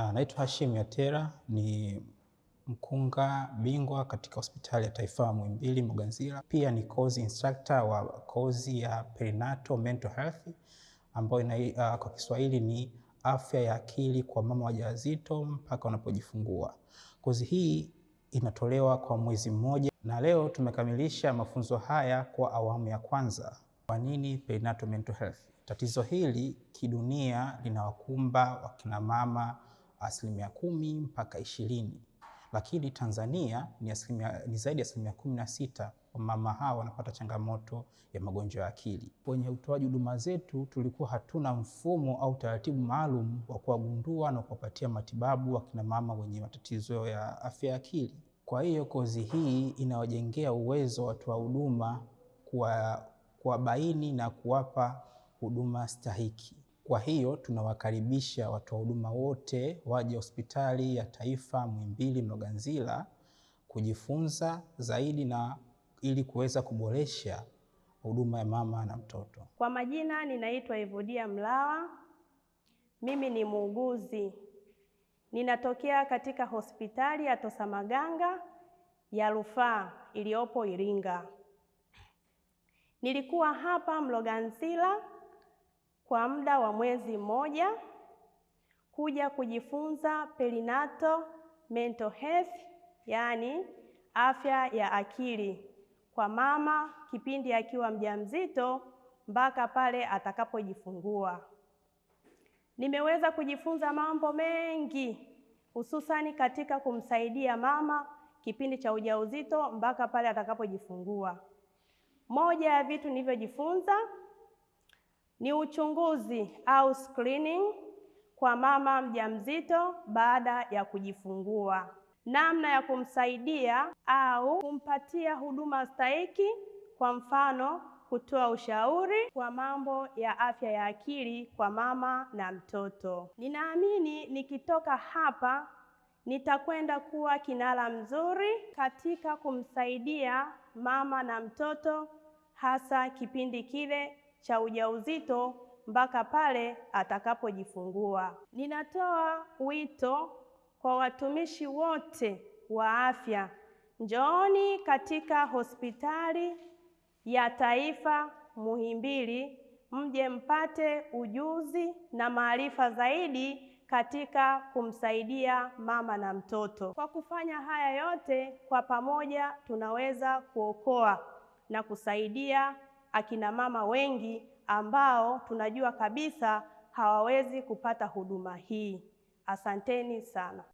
Ah, naitwa Hashim Yatera, ni mkunga bingwa katika hospitali ya taifa Muhimbili Mloganzila. Pia ni course instructor wa kozi ya perinatal mental health ambayo uh, kwa Kiswahili ni afya ya akili kwa mama wajawazito mpaka wanapojifungua. Kozi hii inatolewa kwa mwezi mmoja, na leo tumekamilisha mafunzo haya kwa awamu ya kwanza. Kwa nini perinatal mental health? Tatizo hili kidunia linawakumba wakinamama asilimia kumi mpaka ishirini, lakini Tanzania ni, asilimia, ni zaidi ya asilimia kumi na sita mama hawa wanapata changamoto ya magonjwa ya akili. Kwenye utoaji huduma zetu tulikuwa hatuna mfumo au taratibu maalum wa kuwagundua na kuwapatia matibabu wakina mama wenye matatizo ya afya ya akili. Kwa hiyo kozi hii inawajengea uwezo watoa huduma kuwabaini na kuwapa huduma stahiki. Kwa hiyo tunawakaribisha watoa huduma wote waje Hospitali ya Taifa Muhimbili Mloganzila kujifunza zaidi na ili kuweza kuboresha huduma ya mama na mtoto. Kwa majina ninaitwa Evodia Mlawa. Mimi ni muuguzi. Ninatokea katika Hospitali ya Tosamaganga ya Rufaa iliyopo Iringa. Nilikuwa hapa Mloganzila kwa muda wa mwezi mmoja kuja kujifunza perinato mental health, yaani afya ya akili kwa mama kipindi akiwa mjamzito mpaka pale atakapojifungua. Nimeweza kujifunza mambo mengi hususani katika kumsaidia mama kipindi cha ujauzito mpaka pale atakapojifungua. Moja ya vitu nilivyojifunza ni uchunguzi au screening kwa mama mjamzito baada ya kujifungua. Namna ya kumsaidia au kumpatia huduma stahiki, kwa mfano kutoa ushauri kwa mambo ya afya ya akili kwa mama na mtoto. Ninaamini nikitoka hapa nitakwenda kuwa kinara mzuri katika kumsaidia mama na mtoto hasa kipindi kile cha ujauzito mpaka pale atakapojifungua. Ninatoa wito kwa watumishi wote wa afya, njooni katika hospitali ya taifa Muhimbili, mje mpate ujuzi na maarifa zaidi katika kumsaidia mama na mtoto. Kwa kufanya haya yote kwa pamoja, tunaweza kuokoa na kusaidia akina mama wengi ambao tunajua kabisa hawawezi kupata huduma hii. Asanteni sana.